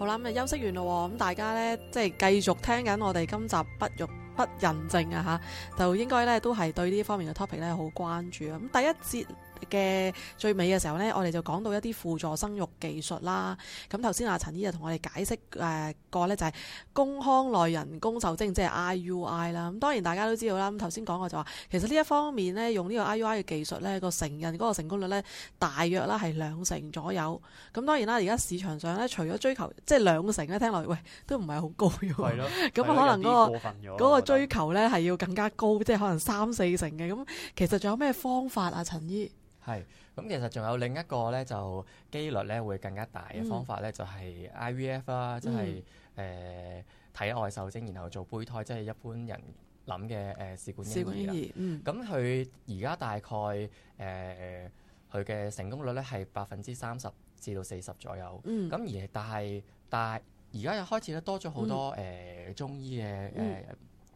好啦，咁、嗯、休息完咯，咁、嗯、大家咧即係繼續聽緊我哋今集不育不孕症啊吓，就應該咧都係對呢方面嘅 topic 咧好關注啊，咁、嗯、第一節嘅最尾嘅時候呢，我哋就講到一啲輔助生育技術啦。咁頭先阿陳姨就同我哋解釋誒過呢就係宮腔內人工授精，即係 IUI 啦。咁當然大家都知道啦。咁頭先講過就話，其實呢一方面呢，用呢個 IUI 嘅技術呢，個成人嗰個成功率呢，大約啦係兩成左右。咁當然啦，而家市場上呢，除咗追求即係兩成咧，聽落喂都唔係好高喎。係咁了 可能嗰、那個、個追求呢，係要更加高，即係可能三四成嘅。咁其實仲有咩方法啊，陳姨？係咁，其實仲有另一個咧，就機率咧會更加大嘅方法咧，嗯、就係 I V F 啦、就是，即係誒體外受精，然後做胚胎，即、就、係、是、一般人諗嘅誒試管嬰兒啦。咁佢而家大概誒佢嘅成功率咧係百分之三十至到四十左右。咁、嗯、而但係但係而家又開始咧多咗好多誒、嗯呃、中醫嘅誒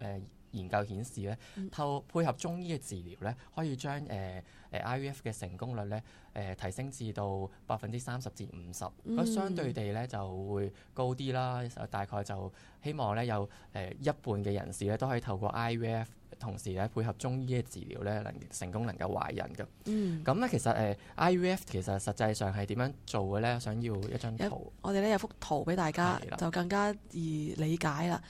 誒研究顯示咧，嗯、透配合中醫嘅治療咧，可以將誒。呃 I V F 嘅成功率咧，誒提升至到百分之三十至五十，咁相對地咧就會高啲啦。大概就希望咧有誒一半嘅人士咧，都可以透過 I V F，同時咧配合中醫嘅治療咧，能成功能夠懷孕嘅。嗯，咁咧其實誒 I V F 其實實際上係點樣做嘅咧？想要一張圖，我哋咧有幅圖俾大家，就更加易理解啦。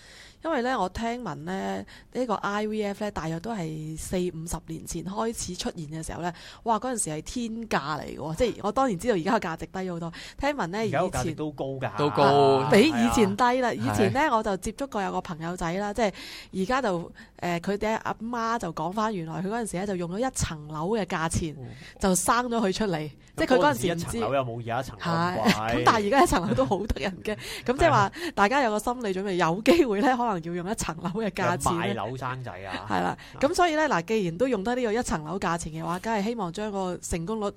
因為咧我聽聞咧呢個 I V F 咧，大約都係四五十年前開始出現嘅時候咧。哇！嗰陣時係天價嚟嘅，即係我當然知道而家價值低好多。聽聞咧，以前都高㗎、啊，都高、啊，比以前低啦。啊、以前咧我就接觸過有個朋友仔啦，啊、即係而家就。誒佢哋阿媽就講翻，原來佢嗰陣時咧就用咗一層樓嘅價錢就生咗佢出嚟，嗯、即係佢嗰陣時唔知時一層樓有冇而家一層咁貴 但係而家一層樓都好得人驚，咁 即係話大家有個心理準備，有機會咧可能要用一層樓嘅價錢咧。買樓生仔啊，係啦，咁所以咧嗱，既然都用得呢個一層樓價錢嘅話，梗係希望將個成功率。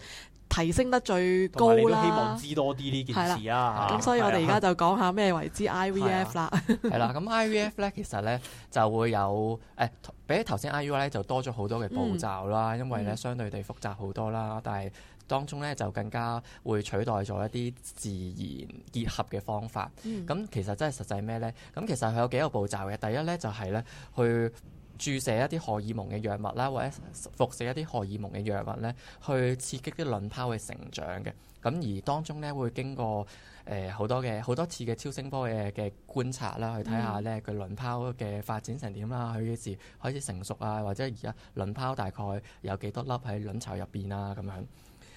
提升得最高啦！希望知多啲呢件事啊，咁 所以我哋而家就講下咩為之 IVF 啦了。係啦， 咁 IVF 咧其實咧就會有誒、哎，比起頭先 IUI 咧就多咗好多嘅步驟啦，因為咧相對地複雜好多啦。但係當中咧就更加會取代咗一啲自然結合嘅方法。咁、嗯、其實真係實際係咩咧？咁其實佢有幾個步驟嘅。第一咧就係、是、咧去，注射一啲荷爾蒙嘅藥物啦，或者服食一啲荷爾蒙嘅藥物咧，去刺激啲卵泡嘅成長嘅。咁而當中咧會經過誒呃、好多嘅好多次嘅超聲波嘅嘅觀察啦，去睇下咧佢卵泡嘅發展成點啦，佢幾時開始成熟啊，或者而家卵泡大概有幾多粒喺卵巢入邊啊咁樣。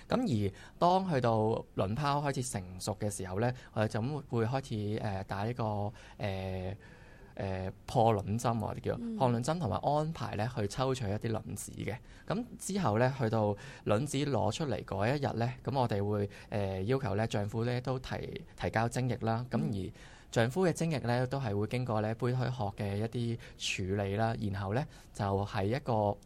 咁而當去到卵泡開始成熟嘅時候咧，我哋就會開始誒、呃、打呢個誒。呃誒破卵針或者叫破卵針，同埋安排咧去抽取一啲卵子嘅。咁之後咧去到卵子攞出嚟嗰一日咧，咁我哋會誒要求咧丈夫咧都提提交精液啦，咁、嗯、而丈夫嘅精液咧都係會經過咧胚胎學嘅一啲處理啦，然後咧就係、是、一個。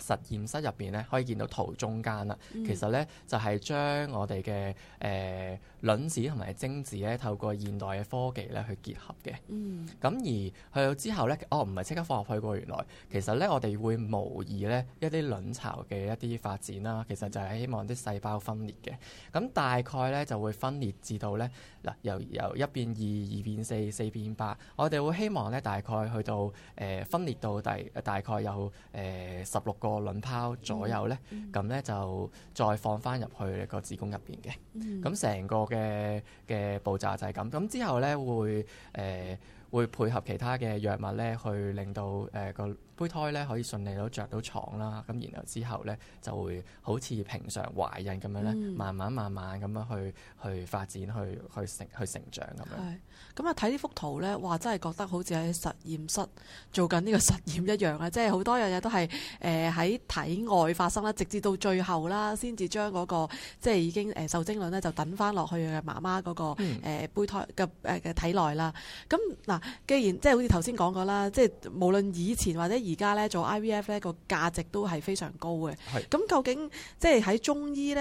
實驗室入邊咧，可以見到圖中間啦。其實咧，就係將我哋嘅誒卵子同埋精子咧，透過現代嘅科技咧去結合嘅。嗯。咁而去到之後咧，哦，唔係即刻放入去嘅。原來，其實咧，我哋會模擬咧一啲卵巢嘅一啲發展啦。其實就係希望啲細胞分裂嘅。咁大概咧就會分裂至到咧嗱、呃、由由一變二，二變四，四變八。8，我哋會希望咧大概去到誒、呃、分裂到第大，大概有誒十六個。個卵泡左右咧，咁咧就再放翻入去呢、嗯、個子宮入邊嘅，咁成個嘅嘅步驟就係咁，咁之後咧會誒、呃、會配合其他嘅藥物咧，去令到誒、呃、個。胚胎咧可以順利到着到床啦，咁然後之後咧就會好似平常懷孕咁樣咧，嗯、慢慢慢慢咁樣去去發展、去去成、去成長咁樣係咁啊，睇呢幅圖咧，哇！真係覺得好似喺實驗室做緊呢個實驗一樣啊！即係好多樣嘢都係誒喺體外發生啦，直至到最後啦，先至將個即係已經誒受精卵咧就等翻落去嘅媽媽、嗰個誒胚、嗯呃、胎嘅誒嘅體內啦。咁嗱、啊，既然即係好似頭先講過啦，即係無論以前或者而家咧做 IVF 咧個價值都係非常高嘅。咁是究竟即係喺中醫呢？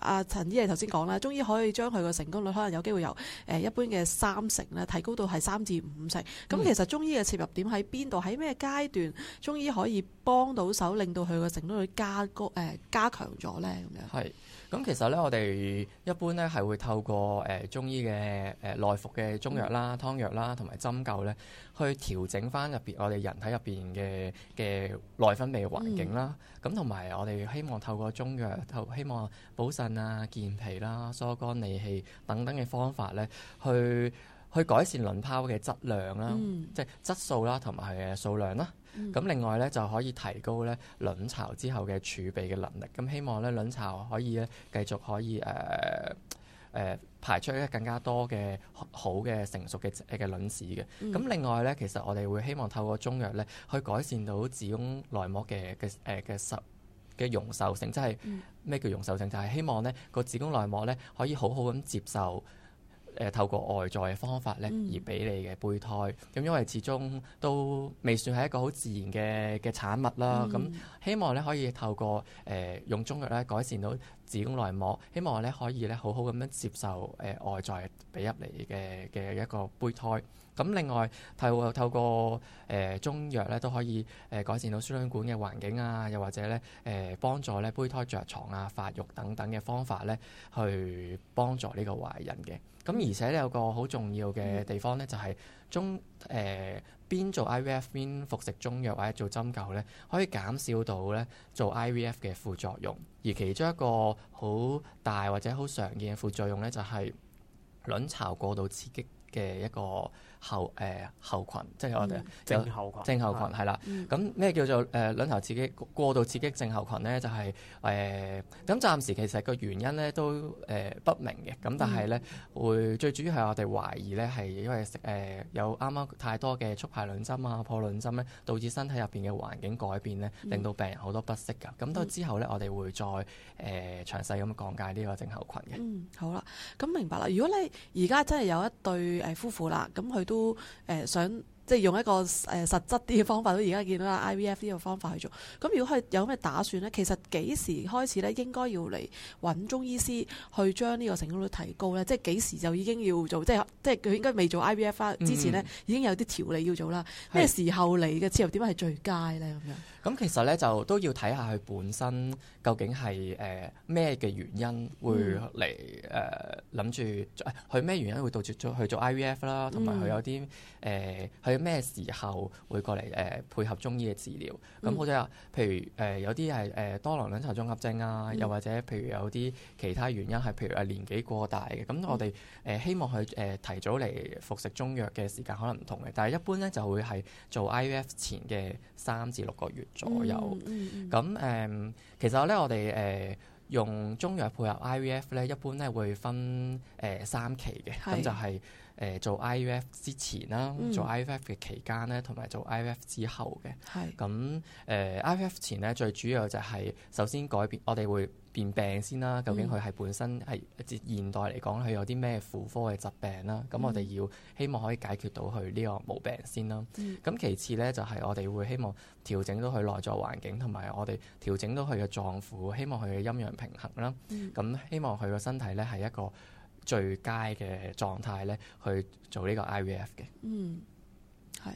阿、啊、陳醫生頭先講啦，中醫可以將佢個成功率可能有機會由誒、呃、一般嘅三成咧提高到係三至五成。咁其實中醫嘅切入點喺邊度？喺咩階段中醫可以幫到手，令到佢個成功率加高誒、呃、加強咗呢？咁樣係。咁其實咧，我哋一般咧係會透過誒中醫嘅誒內服嘅中藥啦、湯藥啦，同埋針灸咧，去調整翻入面我哋人體入面嘅嘅內分泌環境啦。咁同埋我哋希望透過中藥，透希望補腎啊、健脾啦、疏肝理氣等等嘅方法咧，去去改善卵泡嘅質量啦，嗯、即係質素啦，同埋係數量啦。咁、嗯、另外咧，就可以提高咧卵巢之後嘅儲備嘅能力。咁希望咧卵巢可以咧繼續可以誒誒、uh, uh, 排出一更加多嘅好嘅成熟嘅嘅卵子嘅。咁、嗯、另外咧，其實我哋會希望透過中藥咧去改善到子宮內膜嘅嘅誒嘅受嘅容受性，即係咩、嗯、叫容受性？就係、是、希望咧個子宮內膜咧可以好好咁接受。誒透過外在嘅方法咧而俾你嘅胚胎，咁、嗯、因為始終都未算係一個好自然嘅嘅產物啦。咁、嗯、希望咧可以透過誒用中藥咧改善到子宮內膜，希望咧可以咧好好咁樣接受誒外在俾入嚟嘅嘅一個胚胎。咁另外，透過透過誒、呃、中藥咧都可以誒、呃、改善到輸卵管嘅環境啊，又或者咧誒、呃、幫助咧胚胎着床啊、發育等等嘅方法咧，去幫助呢個懷孕嘅。咁而且咧有個好重要嘅地方咧，就係、是、中誒、呃、邊做 IVF 邊服食中藥或者做針灸咧，可以減少到咧做 IVF 嘅副作用。而其中一個好大或者好常見嘅副作用咧，就係、是、卵巢過度刺激嘅一個。後誒、呃、後，後群，即係我哋症候群，症候、嗯、群係啦。咁咩、嗯、叫做誒兩頭刺激過度刺激症候群呢？就係誒咁暫時其實個原因咧都誒不明嘅。咁但係咧、嗯、會最主要係我哋懷疑咧係因為誒有啱啱太多嘅促排卵針啊、破卵針咧，導致身體入邊嘅環境改變咧，令到病人好多不適㗎。咁到、嗯嗯、之後咧，我哋會再誒詳細咁講解呢個症候群嘅、嗯。好啦，咁明白啦。如果你而家真係有一對誒夫婦啦，咁佢都。都誒、呃、想。即係用一個誒實質啲嘅方法，都而家見到啦 IVF 呢個方法去做。咁如果係有咩打算咧，其實幾時開始咧，應該要嚟揾中醫師去將呢個成功率提高咧。即係幾時就已經要做，即係即係佢應該未做 IVF 之前咧，嗯、已經有啲調理要做啦。咩時候嚟嘅？之後點解係最佳咧？咁樣。咁其實咧，就都要睇下佢本身究竟係誒咩嘅原因會嚟誒諗住佢咩原因會導致咗去做 IVF 啦，同埋佢有啲誒咩時候會過嚟誒、呃、配合中醫嘅治療？咁好似話，譬如誒、呃、有啲係誒多囊卵巢綜合症啊，又或者譬如有啲其他原因係譬如係年紀過大嘅，咁、嗯、我哋誒、呃、希望佢誒、呃、提早嚟服食中藥嘅時間可能唔同嘅，但係一般咧就會係做 IVF 前嘅三至六個月左右。咁誒、嗯嗯嗯呃，其實咧我哋誒、呃、用中藥配合 IVF 咧，一般咧會分誒三期嘅，咁就係的。誒做 IVF 之前啦，做 IVF 嘅期間咧，同埋做 IVF 之後嘅，咁誒 IVF 前咧最主要就係首先改變，我哋會變病先啦。究竟佢係本身係接、嗯、現代嚟講，佢有啲咩婦科嘅疾病啦？咁、嗯、我哋要希望可以解決到佢呢個毛病先啦。咁、嗯、其次咧，就係、是、我哋會希望調整到佢內在環境，同埋我哋調整到佢嘅臟腑，希望佢嘅陰陽平衡啦。咁、嗯、希望佢嘅身體咧係一個。最佳嘅狀態咧，去做呢個 IVF 嘅。嗯，係。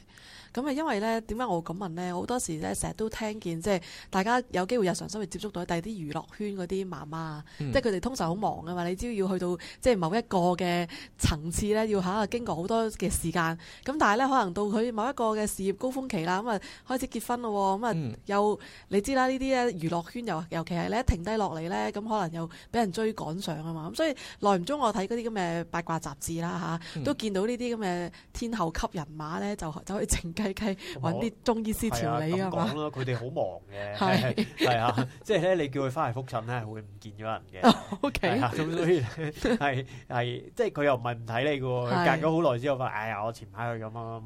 咁啊，因為咧，點解我咁問咧？好多時咧，成日都聽見，即係大家有機會日常生活接觸到，第啲娛樂圈嗰啲媽媽，嗯、即係佢哋通常好忙啊嘛。你知要，要去到即係某一個嘅層次咧，要吓經過好多嘅時間，咁但係咧，可能到佢某一個嘅事業高峰期啦，咁啊開始結婚咯，咁啊又、嗯、你知啦，呢啲咧娛樂圈又尤其係你一停低落嚟咧，咁可能又俾人追趕上啊嘛。咁所以，耐唔中我睇嗰啲咁嘅八卦雜誌啦吓，都見到呢啲咁嘅天后級人馬咧，就走去整。揾啲中醫師調理啊嘛，咁講咯，佢哋好忙嘅，係係啊，即係咧，你叫佢翻嚟複診咧，會唔見咗人嘅。O K 啊，咁所以係係，即係佢又唔係唔睇你㗎喎，隔咗好耐之後，話哎呀，我前排佢咁啊，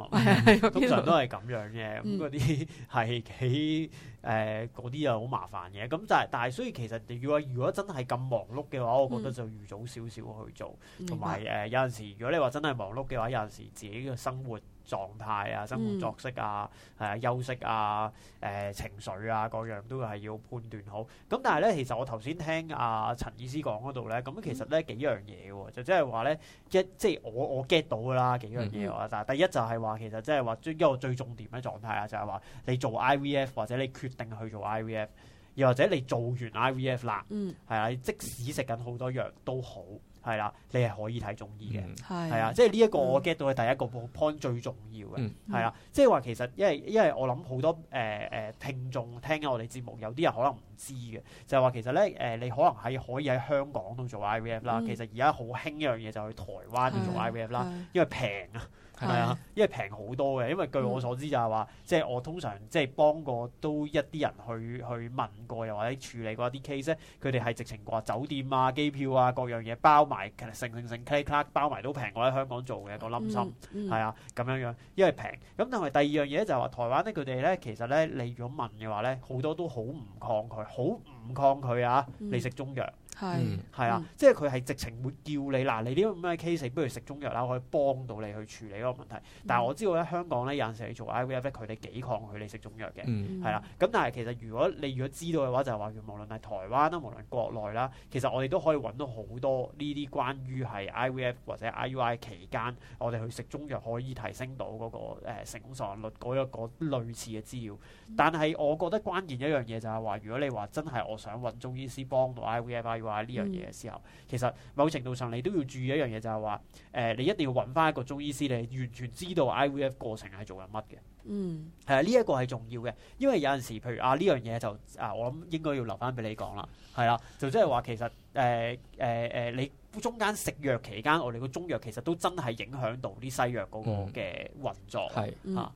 通常都係咁樣嘅。咁嗰啲係幾誒嗰啲又好麻煩嘅。咁就係但係，所以其實如果如果真係咁忙碌嘅話，我覺得就預早少少去做，同埋誒有陣時，如果你話真係忙碌嘅話，有陣時自己嘅生活。狀態啊，生活作息啊，係啊，休息啊，誒、呃、情緒啊，各樣都係要判斷好。咁但係咧，其實我頭先聽阿、啊、陳醫師講嗰度咧，咁其實咧幾樣嘢喎、啊，就，就呢即係話咧一即係我我 get 到㗎啦幾樣嘢啊！但係第一就係話其實即係話最一個最重點嘅狀態啊，就係、是、話你做 IVF 或者你決定去做 IVF。又或者你做完 IVF 啦，係啊、嗯，即使食緊好多藥都好，係啦，你係可以睇中醫嘅，係啊，即係呢一個我 get 到嘅第一個 point 最重要嘅，係啊，即係話其實因為因為我諗好多誒誒、呃、聽眾聽緊我哋節目，有啲人可能唔知嘅，就係、是、話其實咧誒、呃，你可能喺可以喺香港度做 IVF 啦，嗯、其實而家好興一樣嘢就去台灣度做 IVF 啦，嗯、因為平啊。係啊，因為平好多嘅，因為據我所知就係話，嗯、即係我通常即係幫過都一啲人去去問過，又或者處理過一啲 case，佢哋係直情話酒店啊、機票啊各樣嘢包埋，成成成 click click 包埋都平，我喺香港做嘅個冧心，係啊咁樣樣，因為平。咁同埋第二樣嘢就係話，台灣咧佢哋咧其實咧，你如果問嘅話咧，好多都好唔抗拒，好唔抗拒啊，嗯、你食中藥。係，係啊，即係佢係直情會叫你嗱、嗯啊，你呢個咁嘅 case，不如食中藥啦，可以幫到你去處理嗰個問題。但係我知道咧，香港咧有陣時你做 IVF 佢哋幾抗拒你食中藥嘅，係啦、嗯。咁但係其實如果你如果知道嘅話，就係話無論係台灣啦，無論，無論國內啦，其實我哋都可以揾到好多呢啲關於係 IVF 或者 IUI 期間我哋去食中藥可以提升到嗰、那個誒、呃、成功率嗰一、那個類似嘅資料。嗯、但係我覺得關鍵一樣嘢就係、是、話，如果你話真係我想揾中醫師幫到 IVF。話呢樣嘢嘅時候，嗯、其實某程度上你都要注意一樣嘢，就係話，誒，你一定要揾翻一個中醫師，你完全知道 IVF 過程係做緊乜嘅。嗯，係啊，呢、這、一個係重要嘅，因為有陣時，譬如啊，呢樣嘢就啊，我諗應該要留翻俾你講啦，係啦，就即係話，其實，誒、呃，誒，誒，你中間食藥期間，我哋個中藥其實都真係影響到啲西藥嗰個嘅運作，係吓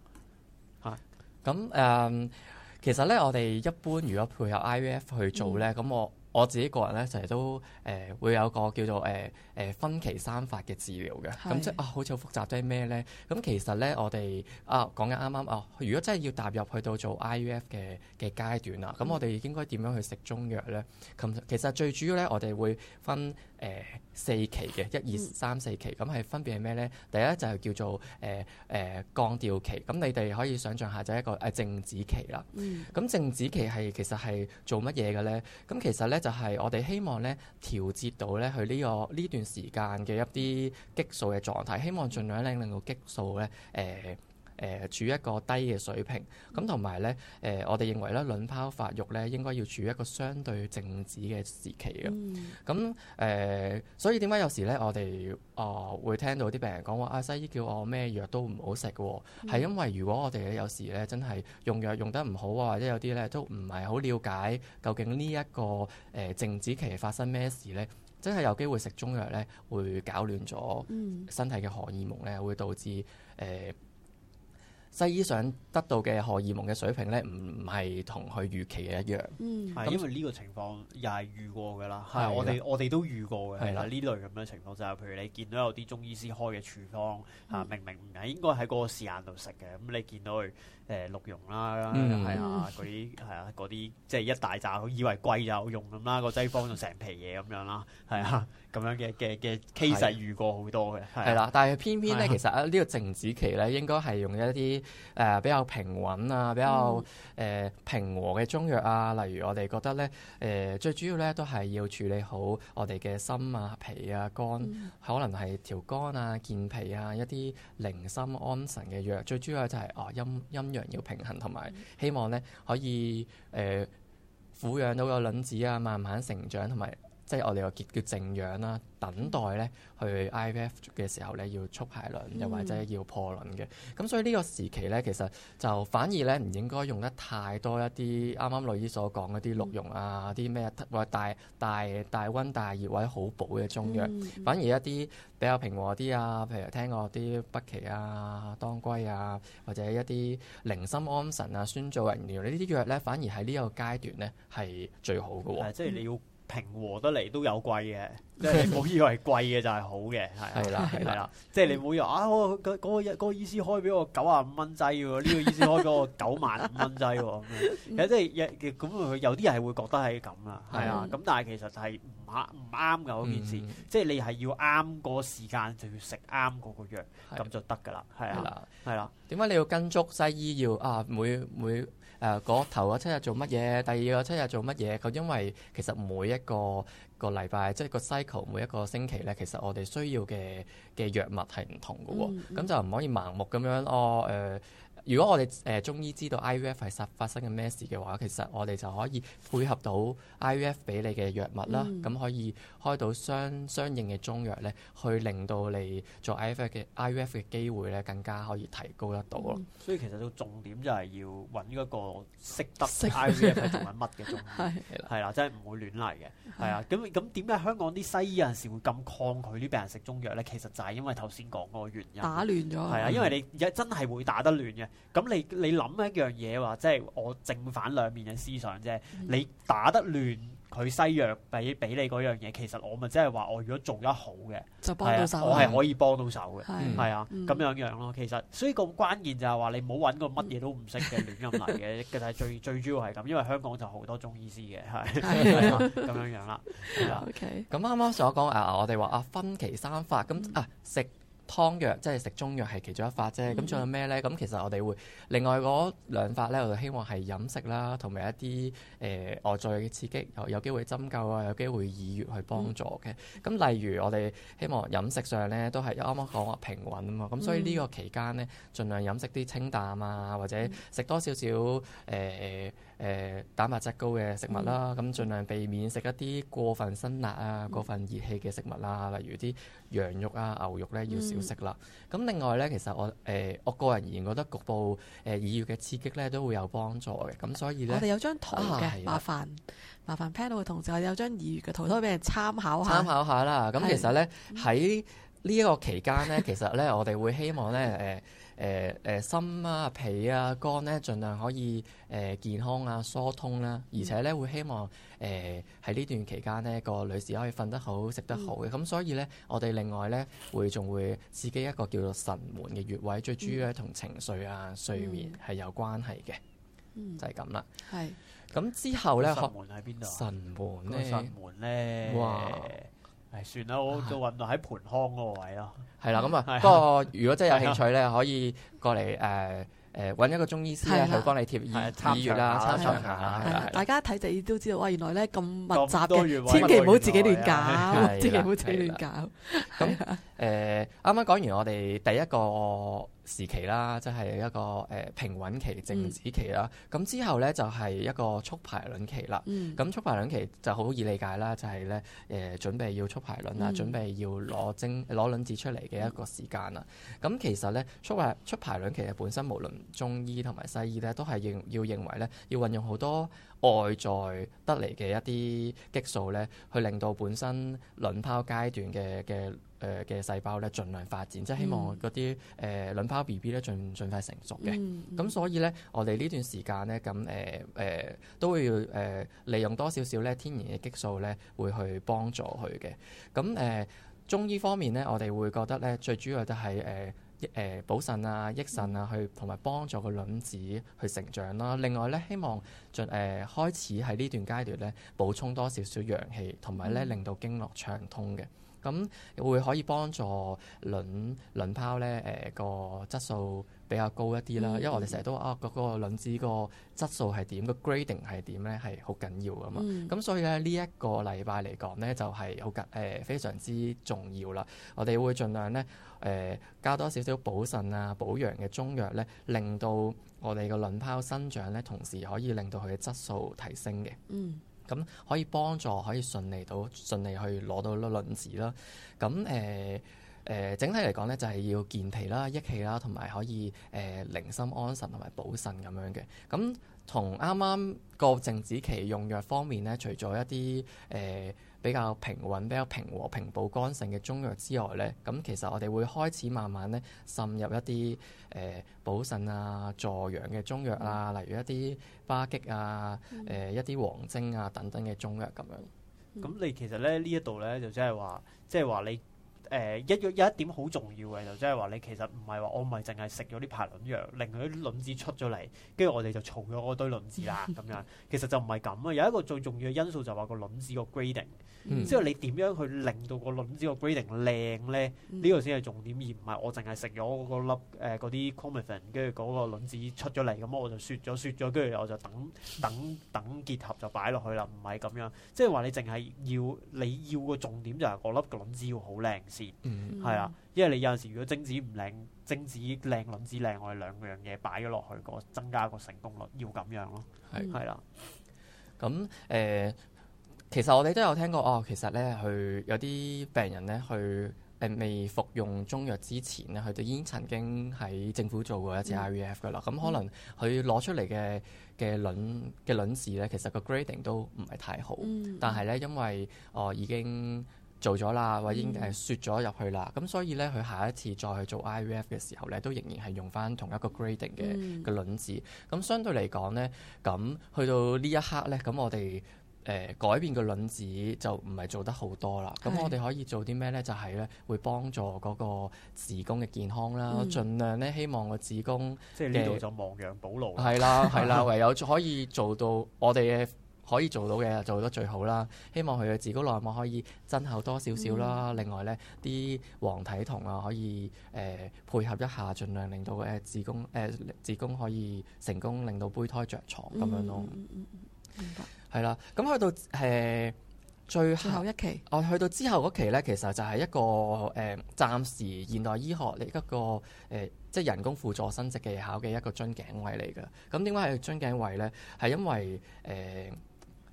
吓，咁誒，其實咧，我哋一般如果配合 IVF 去做咧，咁我、嗯。嗯我自己個人咧，成日都誒、呃、會有一個叫做誒。呃誒分期三法嘅治療嘅，咁是即係啊，好似好複雜啲咩咧？咁其實咧，我哋啊講緊啱啱啊，如果真係要踏入去到做 IVF 嘅嘅階段啦，咁的我哋應該點樣去食中藥咧？咁其實最主要咧，我哋會分誒四、呃、期嘅，一二三四期，咁係分別係咩咧？第一就係叫做誒誒、呃呃、降調期，咁你哋可以想象下就係一個誒、啊、靜止期啦。咁、嗯、靜止期係其實係做乜嘢嘅咧？咁其實咧就係我哋希望咧調節到咧佢呢個呢段。時間嘅一啲激素嘅狀態，希望盡量令令到激素咧，誒、呃、誒、呃、處於一個低嘅水平。咁同埋咧，誒、呃、我哋認為咧，卵泡發育咧應該要處於一個相對靜止嘅時期啊。咁誒、嗯呃，所以點解有時咧，我哋啊會聽到啲病人講話啊，西醫叫我咩藥都唔好食嘅喎，係、嗯、因為如果我哋有時咧真係用藥用得唔好啊，或者有啲咧都唔係好了解究竟呢一個誒靜止期發生咩事咧？真係有機會食中藥呢，會搞亂咗身體嘅荷爾蒙呢，會導致誒、呃、西醫想得到嘅荷爾蒙嘅水平呢，唔唔係同佢預期嘅一樣。嗯，因為呢個情況又係遇過嘅啦。係的，我哋我哋都遇過嘅。係啦的，呢類咁嘅情況就係譬如你見到有啲中醫師開嘅處方嚇，嗯、明明唔係應該喺嗰個時間度食嘅，咁你見到佢。誒鹿茸啦，係啊，嗰啲係啊，嗰啲即係一大扎，以為貴有用咁啦，個劑方就成皮嘢咁樣啦，係啊，咁樣嘅嘅嘅 case 遇過好多嘅，係啦，但係偏偏咧，其實喺呢個靜止期咧，應該係用一啲誒比較平穩啊，比較誒平和嘅中藥啊，例如我哋覺得咧，誒最主要咧都係要處理好我哋嘅心啊、脾啊、肝，可能係調肝啊、健脾啊一啲寧心安神嘅藥，最主要就係哦陰陰。要平衡，同埋希望咧可以誒撫養到個卵子啊，慢慢成長，同埋。即係我哋個叫叫靜養啦，等待咧去 I V F 嘅時候咧，要促排卵又或者要破卵嘅。咁、嗯、所以呢個時期咧，其實就反而咧唔應該用得太多一啲啱啱女士所講嗰啲鹿茸啊、啲咩、嗯、或者大大大溫大熱或者好補嘅中藥，嗯、反而一啲比較平和啲啊，譬如聽過啲北芪啊、當歸啊，或者一啲寧心安神啊、酸棗仁料呢啲藥咧，反而喺呢個階段咧係最好嘅，即係你要，嗯嗯平和得嚟都有貴嘅，即係唔好以為貴嘅就係好嘅，係啦係啦，即係你唔好以為啊嗰個嗰個嗰個醫師開俾我九啊五蚊劑喎，呢個醫師開俾我九萬五蚊劑喎咁樣，有啲有咁有啲人係會覺得係咁啊，係啊，咁但係其實係唔啱唔啱噶嗰件事，即係你係要啱個時間就要食啱嗰個藥，咁就得㗎啦，係啊，係啦，點解你要跟足西醫要啊每每？誒嗰、呃、頭七日做乜嘢？第二個七日做乜嘢？佢因為其實每一個個禮拜，即係個 cycle 每一個星期呢，其實我哋需要嘅嘅藥物係唔同㗎喎。咁、嗯嗯、就唔可以盲目咁樣哦。誒、呃。如果我哋誒中醫知道 I V F 係發發生緊咩事嘅話，其實我哋就可以配合到 I V F 俾你嘅藥物啦，咁、嗯、可以開到相相應嘅中藥咧，去令到你做 I V F 嘅 I V F 嘅機會咧更加可以提高得到咯。所以其實個重點就係要搵一個識得 I V F 係做緊乜嘅中醫，係啦、嗯的，即係唔會亂嚟嘅，係啊。咁咁點解香港啲西醫有陣時會咁抗拒啲病人食中藥咧？其實就係因為頭先講嗰個原因打亂咗，係啊，因為你真係會打得亂嘅。咁你你諗一樣嘢話，即、就、係、是、我正反兩面嘅思想啫。你打得亂佢西藥畀畀你嗰樣嘢，其實我咪即係話，我如果做得好嘅，係我係可以幫到手嘅是，係啊咁、嗯、樣樣咯。其實所以個關鍵就係話，你唔好揾個乜嘢都唔識嘅亂咁嚟嘅。其實、嗯、 最最主要係咁，因為香港就好多中醫師嘅，係咁、 啊、樣 樣啦。OK，咁啱啱所講誒，我哋話啊分期三法咁啊食。 湯藥即係食中藥係其中一法啫，咁仲、嗯、有咩呢？咁其實我哋會另外嗰兩法呢，我就希望係飲食啦，同埋一啲誒外在嘅刺激，有有機會針灸啊，有機會耳穴去幫助嘅。咁、嗯、例如我哋希望飲食上呢，都係啱啱講話平穩啊嘛，咁、嗯、所以呢個期間呢，盡量飲食啲清淡啊，或者食多少少誒。呃誒、呃、蛋白質高嘅食物啦，咁儘、嗯、量避免食一啲過分辛辣啊、嗯、過分熱氣嘅食物啦、啊，例如啲羊肉啊、牛肉咧要少食啦。咁另外咧，其實我誒、呃、我個人而言覺得局部誒耳穴嘅刺激咧都會有幫助嘅。咁所以咧，我哋有張圖嘅，啊、麻煩、啊、麻煩 panel 嘅同事我哋有張耳穴嘅圖，都俾你參考下。參考下啦。咁其實咧喺呢一是的 個期間咧，其實咧 我哋會希望咧誒。呃誒誒、呃、心啊、脾啊、肝咧，儘量可以誒、呃、健康啊、疏通啦、啊，而且咧會希望誒喺呢段期間呢，個女士可以瞓得好、食得好嘅，咁、嗯、所以咧我哋另外咧會仲會刺激一個叫做神門嘅穴位，最主要咧同、嗯、情緒啊、睡眠係有關係嘅，嗯、就係咁啦。係、嗯。咁之後咧，神門喺邊度？神門咧，神門咧，哇！算啦，我做運動喺盆腔嗰位咯。係啦，咁啊，不過如果真係有興趣咧，可以過嚟誒誒，揾一個中醫師啊，去幫你貼耳耳穴啦，參詳下。大家睇地都知道，哇，原來咧咁密集嘅，千祈唔好自己亂搞，千祈唔好自己亂搞。咁誒，啱啱講完我哋第一個。時期啦，即、就、係、是、一個誒平穩期、靜止期啦。咁、嗯、之後呢，就係一個促排卵期啦。咁促、嗯、排卵期就好易理解啦，就係呢誒準備要促排卵啦，嗯、準備要攞精攞卵子出嚟嘅一個時間啦。咁、嗯、其實呢，促排促排卵期嘅本身，無論中醫同埋西醫呢，都係認要認為呢，要運用好多，外在得嚟嘅一啲激素咧，去令到本身卵泡階段嘅嘅誒嘅細胞咧，盡量發展，嗯、即係希望嗰啲誒卵泡 B B 咧盡盡快成熟嘅。咁、嗯、所以咧，我哋呢段時間咧，咁誒誒都會要、呃、利用多少少咧天然嘅激素咧，會去幫助佢嘅。咁誒、呃、中醫方面咧，我哋會覺得咧最主要都係。誒、呃。誒補腎啊、益腎啊，去同埋幫助個卵子去成長啦、啊。另外咧，希望進誒、呃、開始喺呢段階段咧，補充多多少少陽氣，同埋咧令到經絡暢通嘅。咁會可以幫助卵卵泡咧誒個質素比較高一啲啦，嗯、因為我哋成日都啊嗰、嗰個卵子個質素係點，嗰個 grading 係點咧係好緊要㗎嘛。咁、嗯、所以咧呢一個禮拜嚟講咧就係好緊誒非常之重要啦。我哋會盡量咧誒、呃、加多少少補腎啊補陽嘅中藥咧，令到我哋個卵泡生長咧，同時可以令到佢嘅質素提升嘅。嗯咁可以幫助可以順利到順利去攞到粒卵子啦。咁誒誒，整體嚟講咧，就係、是、要健脾啦、益氣啦，同埋可以誒寧、呃、心安神同埋補腎咁樣嘅。咁同啱啱個靜止期用藥方面咧，除咗一啲誒。呃比較平穩、比較平和、平補肝腎嘅中藥之外呢，咁其實我哋會開始慢慢呢滲入一啲誒補腎啊、助陽嘅中藥啊，嗯、例如一啲巴戟啊、誒、嗯呃、一啲黃精啊等等嘅中藥咁樣。咁、嗯、你其實咧呢一度呢，就即係話，即係話你。誒、呃、一有一,一點好重要嘅就即係話你其實唔係話我唔係淨係食咗啲排卵藥令佢啲卵子出咗嚟，跟住我哋就嘈咗嗰堆卵子啦咁樣。其實就唔係咁啊，有一個最重要嘅因素就係話個卵子個 grading，即係、嗯、你點樣去令到個卵子個 grading 靚咧，呢個先係重點，而唔係我淨係食咗嗰粒誒嗰啲 clomiphene 跟住嗰個卵子出咗嚟咁，我就説咗説咗，跟住我就等等等結合就擺落去啦，唔係咁樣。即係話你淨係要你要個重點就係嗰粒個卵子要好靚。嗯，係啊，因為你有陣時如果精子唔靚，精子靚卵子靚，我哋兩樣嘢擺咗落去個增加個成功率，要咁樣咯。係，係啦。咁誒，其實我哋都有聽過哦。其實咧，去有啲病人咧，去誒未服用中藥之前咧，佢哋已經曾經喺政府做過一次 IVF 嘅啦。咁、嗯嗯、可能佢攞出嚟嘅嘅卵嘅卵子咧，其實個 grading 都唔係太好。嗯、但係咧，因為哦、呃、已經。做咗啦，或已經誒雪咗入去啦，咁、嗯、所以咧，佢下一次再去做 IVF 嘅時候咧，都仍然係用翻同一個 grading 嘅個卵子。咁、嗯、相對嚟講咧，咁去到呢一刻咧，咁我哋誒、呃、改變個卵子就唔係做得好多啦。咁是我哋可以做啲咩咧？就係、是、咧，會幫助嗰個子宮嘅健康啦，儘、嗯、量咧希望個子宮。即係呢度就亡羊補牢。係啦，係啦，唯有可以做到我哋嘅。可以做到嘅，做到最好啦。希望佢嘅子宮內膜可以增厚多少少啦。嗯、另外咧，啲黃體酮啊，可以誒、呃、配合一下，盡量令到誒子宮誒子宮可以成功令到胚胎着床咁、嗯、樣咯。嗯，明白、係啦，咁、啊、去到誒、呃、最，最後一期，我、哦、去到之後嗰期咧，其實就係一個誒暫、呃、時現代醫學嚟一個誒、呃，即係人工輔助生殖技巧嘅一個樽頸位嚟嘅。咁點解係樽頸位咧？係因為誒。呃呃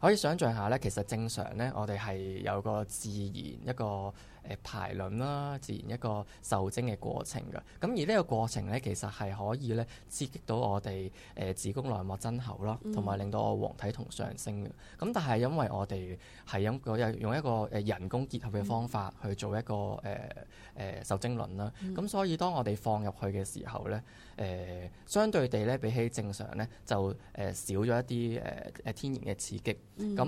可以想象下咧，其實正常咧，我哋係有個自然一個。誒排卵啦，自然一個受精嘅過程㗎。咁而呢個過程咧，其實係可以咧刺激到我哋誒子宮內膜增厚啦，同埋令到我黃體酮上升嘅。咁但係因為我哋係一個用一個誒人工結合嘅方法去做一個誒誒受精卵啦。咁、嗯、所以當我哋放入去嘅時候咧，誒相對地咧比起正常咧就誒少咗一啲誒誒天然嘅刺激。咁、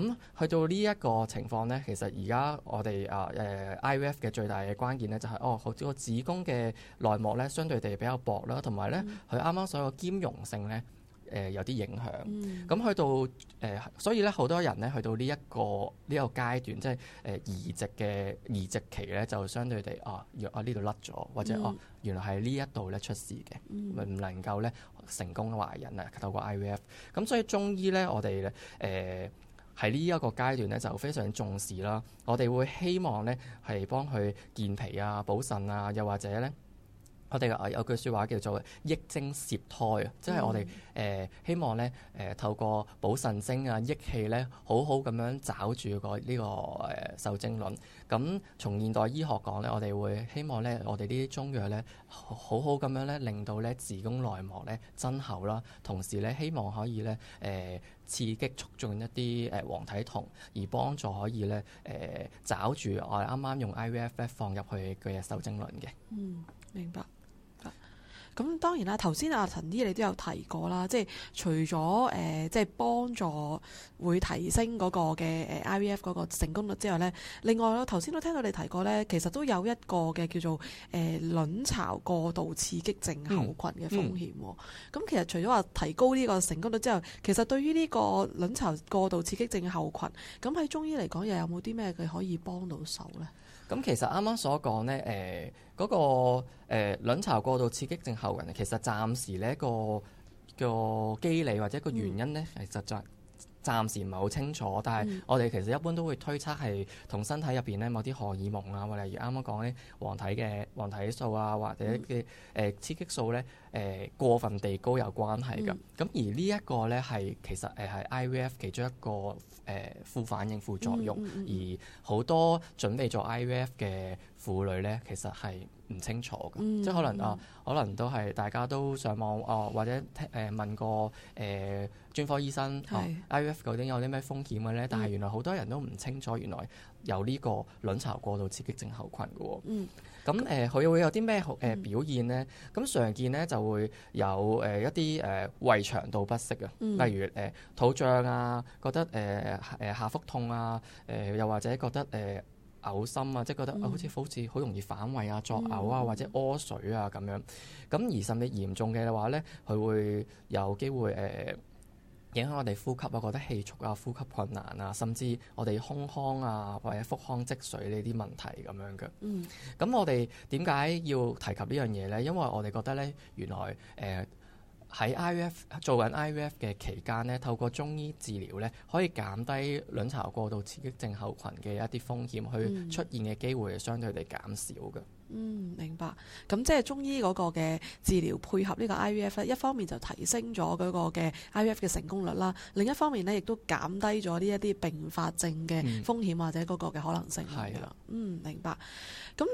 嗯、去到呢一個情況咧，其實而家我哋啊誒 I.V.。嘅最大嘅關鍵咧，就是，就係哦，好似個子宮嘅內膜咧，相對地比較薄啦，同埋咧，佢啱啱所有兼容性咧，誒、呃，有啲影響。咁、嗯、去到誒、呃，所以咧，好多人咧，去到呢、這、一個呢、這個階段，即係誒移植嘅移植期咧，就相對地啊，若啊呢度甩咗，或者、嗯、哦，原來係呢一度咧出事嘅，咪唔能夠咧成功懷孕啊，透過 IVF。咁所以中醫咧，我哋誒。呃喺呢一個階段咧就非常重視啦，我哋會希望咧係幫佢健脾啊、補腎啊，又或者咧。我哋有句説話叫做益精攝胎，即係我哋誒、嗯呃、希望咧誒、呃、透過補腎精啊益氣咧，好好咁樣找住、這個呢個誒受精卵。咁從現代醫學講咧，我哋會希望咧，我哋呢啲中藥咧好好咁樣咧，令到咧子宮內膜咧增厚啦，同時咧希望可以咧誒、呃、刺激促進一啲誒黃體酮，而幫助可以咧誒找住我啱啱用 I V F 放入去嘅受精卵嘅。嗯，明白。咁當然啦，頭先阿陳姨你都有提過啦，即係除咗誒、呃，即係幫助會提升嗰個嘅誒 IVF 嗰個成功率之外咧，另外我頭先都聽到你提過咧，其實都有一個嘅叫做誒、呃、卵巢過度刺激症候群嘅風險喎。咁、嗯嗯、其實除咗話提高呢個成功率之外，其實對於呢個卵巢過度刺激症嘅候群，咁喺中醫嚟講又有冇啲咩佢可以幫到手咧？咁、嗯嗯、其實啱啱所講咧，誒、呃。嗰、那個誒、呃、卵巢過度刺激症候群，其實暫時咧、那個、那個機理或者個原因咧係、嗯、實在。暫時唔係好清楚，但係我哋其實一般都會推測係同身體入邊咧某啲荷爾蒙啊，或例如啱啱講咧黃體嘅黃體素啊，或者嘅誒雌激素咧誒、呃、過分地高有關係㗎。咁、嗯、而呢一個咧係其實誒係 I V F 其中一個誒、呃、副反應、副作用，嗯嗯嗯而好多準備做 I V F 嘅婦女咧，其實係。唔清楚㗎，嗯、即係可能啊，可能都係大家都上網啊，或者誒、呃、問過誒、呃、專科醫生，IVF 究竟有啲咩風險嘅咧？嗯、但係原來好多人都唔清楚，原來有呢個卵巢過度刺激症候群嘅喎、哦。嗯，咁誒佢會有啲咩誒表現咧？咁、嗯、常見咧就會有誒一啲誒、呃、胃腸道不適啊，嗯、例如誒、呃、肚脹啊，覺得誒誒、呃、下腹痛啊，誒、呃、又或者覺得誒。呃嘔心啊，即係覺得啊、嗯哎，好似好似好容易反胃啊、作嘔啊，嗯、或者屙水啊咁樣。咁而甚至嚴重嘅話呢，佢會有機會誒、呃、影響我哋呼吸啊，覺得氣促啊、呼吸困難啊，甚至我哋胸腔啊或者腹腔積水呢啲問題咁樣嘅。嗯，咁我哋點解要提及呢樣嘢呢？因為我哋覺得呢，原來誒。呃喺 I V F 做緊 I V F 嘅期間咧，透過中醫治療咧，可以減低卵巢過度刺激症候群嘅一啲風險，去出現嘅機會係相對地減少嘅。嗯，明白。咁即係中醫嗰個嘅治療配合呢個 I V F 一方面就提升咗嗰個嘅 I V F 嘅成功率啦，另一方面呢亦都減低咗呢一啲並發症嘅風險或者嗰個嘅可能性咁樣。嗯，明白。咁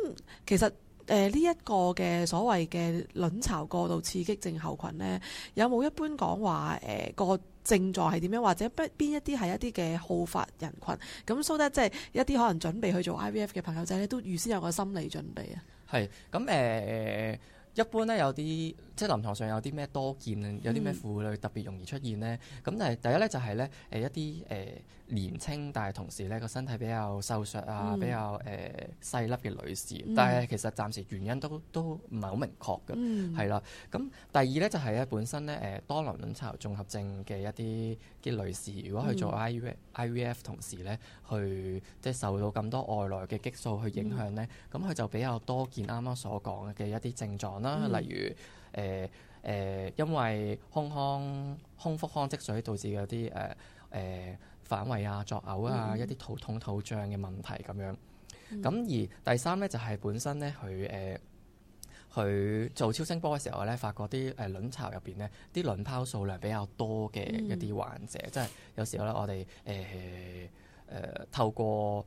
其實。誒呢、呃、一個嘅所謂嘅卵巢過度刺激症候群呢，有冇一般講話誒個症狀係點樣，或者不邊一啲係一啲嘅好發人群？咁 so that 即係一啲可能準備去做 IVF 嘅朋友仔咧，都預先有個心理準備啊。係咁誒，一般呢，有啲即係臨床上有啲咩多見，有啲咩婦女特別容易出現呢？咁、嗯、但誒，第一呢，就係、是、呢誒、呃、一啲誒。呃年青，但係同時咧個身體比較瘦削啊，嗯、比較誒細粒嘅女士，嗯、但係其實暫時原因都都唔係好明確嘅，係啦、嗯。咁第二咧就係咧本身咧誒多囊卵巢綜合症嘅一啲嘅女士，如果去做 IUI、IVF 同時咧，去、嗯、即係受到咁多外來嘅激素去影響咧，咁佢、嗯、就比較多見啱啱所講嘅一啲症狀啦，嗯、例如誒誒、呃呃，因為胸腔胸腹腔積水導致有啲誒誒。呃呃呃呃反胃啊、作嘔啊、一啲肚痛、肚脹嘅問題咁樣，咁、嗯、而第三呢，就係、是、本身呢，佢誒佢做超聲波嘅時候呢，發覺啲誒卵巢入邊呢，啲卵泡數量比較多嘅一啲患者，嗯、即係有時候呢，我哋誒誒透過。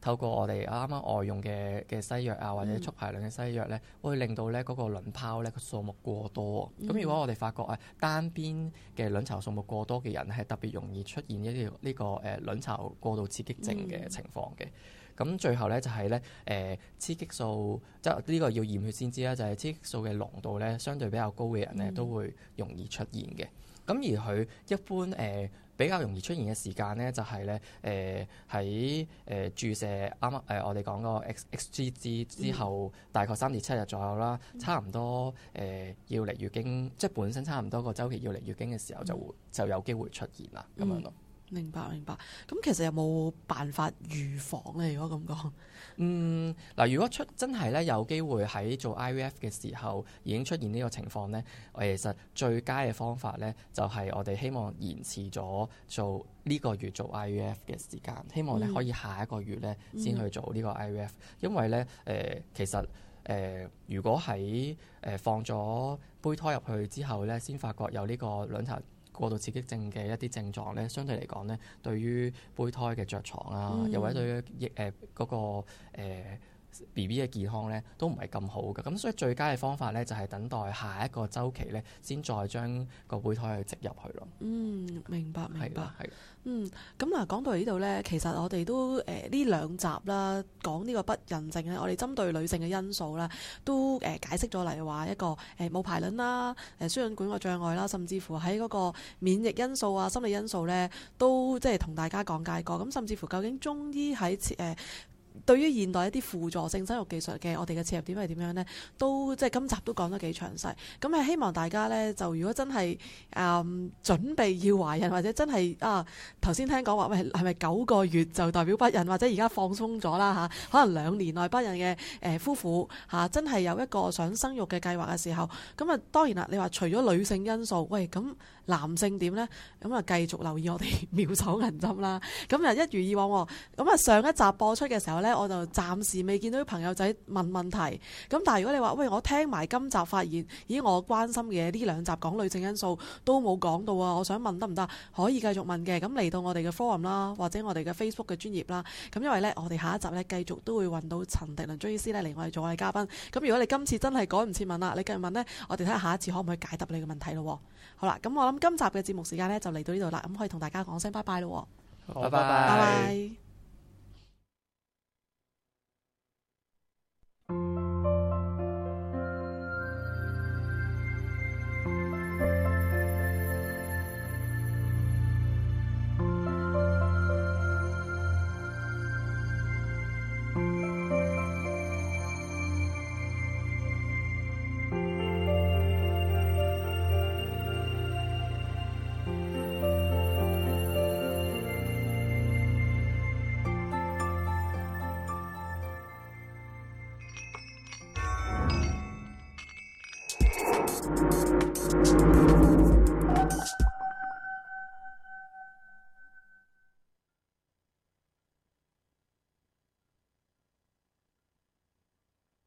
透過我哋啱啱外用嘅嘅西藥啊，或者促排卵嘅西藥咧，嗯、會令到咧嗰個卵泡咧個數目過多。咁、嗯、如果我哋發覺啊，單邊嘅卵巢數目過多嘅人，係特別容易出現一啲呢個誒、這個呃、卵巢過度刺激症嘅情況嘅。咁、嗯、最後咧就係咧誒，雌、呃、激素即呢、就是、個要驗血先知啦。就係、是、雌激素嘅濃度咧，相對比較高嘅人咧，都會容易出現嘅。咁、嗯、而佢一般誒。呃比較容易出現嘅時間呢、就係，就係呢。誒喺誒注射啱啱誒我哋講個 X X G 之之後，嗯、大概三至七日左右啦，差唔多誒、呃、要嚟月經，即係本身差唔多個周期要嚟月經嘅時候，就會、嗯、就有機會出現啦，咁樣咯。嗯明白明白，咁其實有冇辦法預防咧？如果咁講，嗯嗱，如果出真係咧有機會喺做 IVF 嘅時候已經出現呢個情況咧，我其實最佳嘅方法咧就係我哋希望延遲咗做呢個月做 IVF 嘅時間，希望咧可以下一個月咧先去做呢個 IVF，嗯、因為咧誒、呃、其實誒、呃、如果喺誒放咗胚胎入去之後咧，先發覺有呢個卵巢。過度刺激症嘅一啲症狀咧，相對嚟講咧，對於胚胎嘅着床啊，又、嗯、或者對於誒嗰個、呃 B B 嘅健康咧都唔係咁好嘅，咁所以最佳嘅方法咧就係、是、等待下一個周期咧，先再將個胚胎去植入去咯。嗯，明白，明白，係。嗯，咁嗱，講到呢度咧，其實我哋都誒呢兩集啦，講呢個不孕症咧，我哋針對女性嘅因素啦，都誒、呃、解釋咗嚟話一個誒冇、呃、排卵啦，誒輸卵管個障礙啦，甚至乎喺嗰個免疫因素啊、心理因素咧，都即係同大家講解過。咁甚至乎究竟中醫喺誒？呃呃呃呃呃呃呃對於現代一啲輔助性生育技術嘅，我哋嘅切入點係點樣咧？都即係今集都講得幾詳細，咁啊希望大家咧，就如果真係誒、嗯、準備要懷孕，或者真係啊頭先聽講話喂，係咪九個月就代表不孕，或者而家放鬆咗啦吓，可能兩年內不孕嘅誒夫婦吓、啊、真係有一個想生育嘅計劃嘅時候，咁啊當然啦，你話除咗女性因素，喂，咁男性點咧？咁啊繼續留意我哋妙手銀針啦。咁啊一如以往，往，咁啊上一集播出嘅時候咧。我就暫時未見到啲朋友仔問問題，咁但係如果你話，喂，我聽埋今集發現，咦，我關心嘅呢兩集講女性因素都冇講到啊，我想問得唔得？可以繼續問嘅，咁嚟到我哋嘅 forum 啦，或者我哋嘅 Facebook 嘅專頁啦，咁因為呢，我哋下一集呢，繼續都會揾到陳迪倫醫師呢嚟我哋做我哋嘉賓，咁如果你今次真係趕唔切問啦，你繼續問呢，我哋睇下下一次可唔可以解答你嘅問題咯。好啦，咁我諗今集嘅節目時間呢，就嚟到呢度啦，咁可以同大家講聲拜拜咯。好，拜拜。